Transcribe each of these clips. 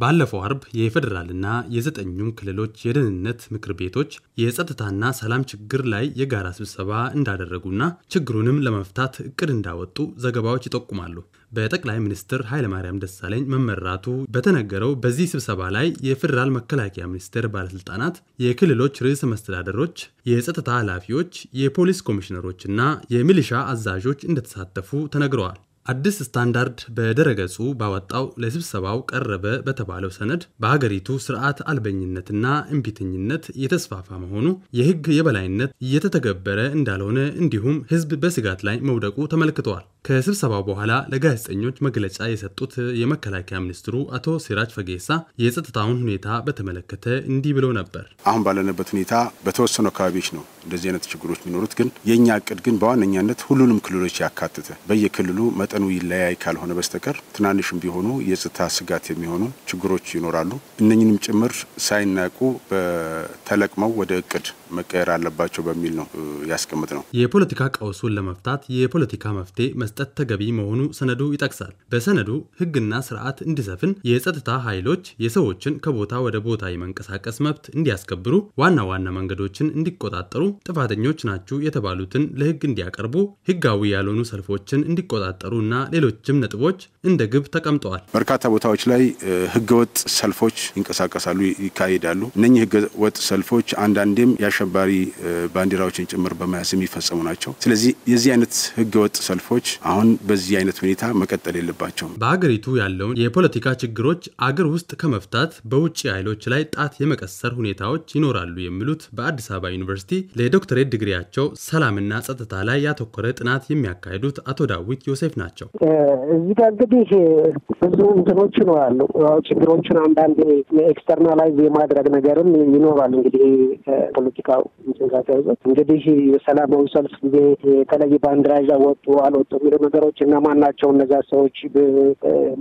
ባለፈው አርብ የፌዴራልና የዘጠኙም ክልሎች የደህንነት ምክር ቤቶች የጸጥታና ሰላም ችግር ላይ የጋራ ስብሰባ እንዳደረጉና ችግሩንም ለመፍታት እቅድ እንዳወጡ ዘገባዎች ይጠቁማሉ። በጠቅላይ ሚኒስትር ኃይለማርያም ደሳለኝ መመራቱ በተነገረው በዚህ ስብሰባ ላይ የፌዴራል መከላከያ ሚኒስቴር ባለስልጣናት፣ የክልሎች ርዕሰ መስተዳደሮች፣ የጸጥታ ኃላፊዎች፣ የፖሊስ ኮሚሽነሮችና የሚሊሻ አዛዦች እንደተሳተፉ ተነግረዋል። አዲስ ስታንዳርድ በድረገጹ ባወጣው ለስብሰባው ቀረበ በተባለው ሰነድ በሀገሪቱ ስርዓት አልበኝነትና እምቢተኝነት የተስፋፋ መሆኑ፣ የህግ የበላይነት እየተተገበረ እንዳልሆነ እንዲሁም ህዝብ በስጋት ላይ መውደቁ ተመልክተዋል። ከስብሰባው በኋላ ለጋዜጠኞች መግለጫ የሰጡት የመከላከያ ሚኒስትሩ አቶ ሲራጅ ፈጌሳ የጸጥታውን ሁኔታ በተመለከተ እንዲህ ብለው ነበር። አሁን ባለንበት ሁኔታ በተወሰኑ አካባቢዎች ነው እንደዚህ አይነት ችግሮች የሚኖሩት። ግን የእኛ እቅድ ግን በዋነኛነት ሁሉንም ክልሎች ያካተተ በየክልሉ መጠኑ ይለያይ ካልሆነ በስተቀር ትናንሽም ቢሆኑ የጸጥታ ስጋት የሚሆኑ ችግሮች ይኖራሉ። እነኝንም ጭምር ሳይናቁ ተለቅመው ወደ እቅድ መቀየር አለባቸው በሚል ነው ያስቀምጥ ነው። የፖለቲካ ቀውሱን ለመፍታት የፖለቲካ መፍትሄ መስጠት ተገቢ መሆኑ ሰነዱ ይጠቅሳል። በሰነዱ ሕግና ስርዓት እንዲሰፍን የጸጥታ ኃይሎች የሰዎችን ከቦታ ወደ ቦታ የመንቀሳቀስ መብት እንዲያስከብሩ፣ ዋና ዋና መንገዶችን እንዲቆጣጠሩ፣ ጥፋተኞች ናችሁ የተባሉትን ለህግ እንዲያቀርቡ፣ ሕጋዊ ያልሆኑ ሰልፎችን እንዲቆጣጠሩ እና ሌሎችም ነጥቦች እንደ ግብ ተቀምጠዋል። በርካታ ቦታዎች ላይ ሕገወጥ ሰልፎች ይንቀሳቀሳሉ፣ ይካሄዳሉ። እነኚህ ህገወጥ ሰልፎች አንዳንዴም ያሻ አሸባሪ ባንዲራዎችን ጭምር በመያዝ የሚፈጸሙ ናቸው። ስለዚህ የዚህ አይነት ህገወጥ ሰልፎች አሁን በዚህ አይነት ሁኔታ መቀጠል የለባቸውም። በሀገሪቱ ያለውን የፖለቲካ ችግሮች አገር ውስጥ ከመፍታት በውጭ ኃይሎች ላይ ጣት የመቀሰር ሁኔታዎች ይኖራሉ የሚሉት በአዲስ አበባ ዩኒቨርሲቲ ለዶክትሬት ድግሪያቸው ሰላምና ጸጥታ ላይ ያተኮረ ጥናት የሚያካሂዱት አቶ ዳዊት ዮሴፍ ናቸው። እዚህ ጋር እንግዲህ ብዙ እንትኖች ይኖራሉ። ችግሮችን አንዳንድ ኤክስተርናላይዝ የማድረግ ነገርም ይኖራል። እንግዲህ ፖለቲካ የመጣው ጭንቃት እንግዲህ የሰላማዊ ሰልፍ ጊዜ የተለየ ባንዲራ ይዛ ወጡ አልወጡ የሚሉ ነገሮች ማን ናቸው? እነዚያ ሰዎች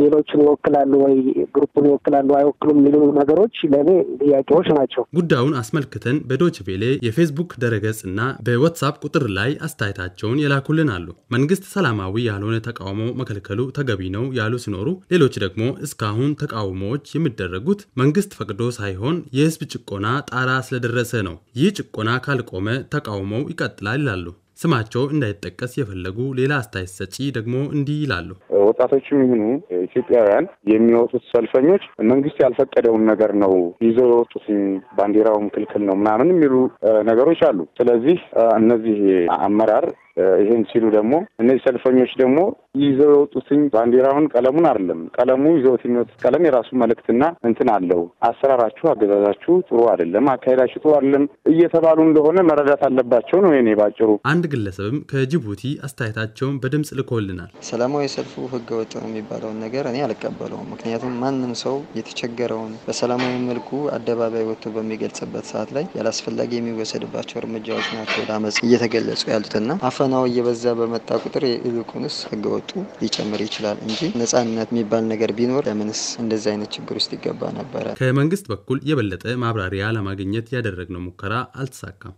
ሌሎችን ይወክላሉ ወይ ግሩፑን ይወክላሉ አይወክሉም የሚሉ ነገሮች ለእኔ ጥያቄዎች ናቸው። ጉዳዩን አስመልክተን በዶች ቬሌ የፌስቡክ ደረገጽ እና በዋትሳፕ ቁጥር ላይ አስተያየታቸውን የላኩልን አሉ። መንግስት ሰላማዊ ያልሆነ ተቃውሞ መከልከሉ ተገቢ ነው ያሉ ሲኖሩ፣ ሌሎች ደግሞ እስካሁን ተቃውሞዎች የሚደረጉት መንግስት ፈቅዶ ሳይሆን የህዝብ ጭቆና ጣራ ስለደረሰ ነው። ይህ ጭቆና ካልቆመ ተቃውሞው ይቀጥላል ይላሉ። ስማቸው እንዳይጠቀስ የፈለጉ ሌላ አስተያየት ሰጪ ደግሞ እንዲህ ይላሉ። ወጣቶችም ይሁኑ ኢትዮጵያውያን የሚወጡት ሰልፈኞች መንግስት ያልፈቀደውን ነገር ነው ይዘው የወጡት፣ ባንዲራውም ክልክል ነው ምናምን የሚሉ ነገሮች አሉ። ስለዚህ እነዚህ አመራር ይህን ሲሉ ደግሞ እነዚህ ሰልፈኞች ደግሞ ይዘው የወጡትኝ ባንዲራውን ቀለሙን አይደለም። ቀለሙ ይዘውት የሚወጡት ቀለም የራሱ መልእክትና እንትን አለው። አሰራራችሁ፣ አገዛዛችሁ ጥሩ አይደለም፣ አካሄዳችሁ ጥሩ አይደለም እየተባሉ እንደሆነ መረዳት አለባቸው ነው የኔ ባጭሩ። አንድ ግለሰብም ከጅቡቲ አስተያየታቸውን በድምፅ ልኮልናል። ሰላማዊ ሰልፉ ህገወጥ ነው የሚባለውን ነገር እኔ አልቀበለውም። ምክንያቱም ማንም ሰው የተቸገረውን በሰላማዊ መልኩ አደባባይ ወጥቶ በሚገልጽበት ሰዓት ላይ ያላስፈላጊ የሚወሰድባቸው እርምጃዎች ናቸው ለአመፅ እየተገለጹ ያሉትና ጫናው እየበዛ በመጣ ቁጥር ይልቁንስ ህገወጡ ሊጨምር ይችላል እንጂ ነጻነት የሚባል ነገር ቢኖር ለምንስ እንደዚህ አይነት ችግር ውስጥ ይገባ ነበረ? ከመንግስት በኩል የበለጠ ማብራሪያ ለማግኘት ያደረግነው ሙከራ አልተሳካም።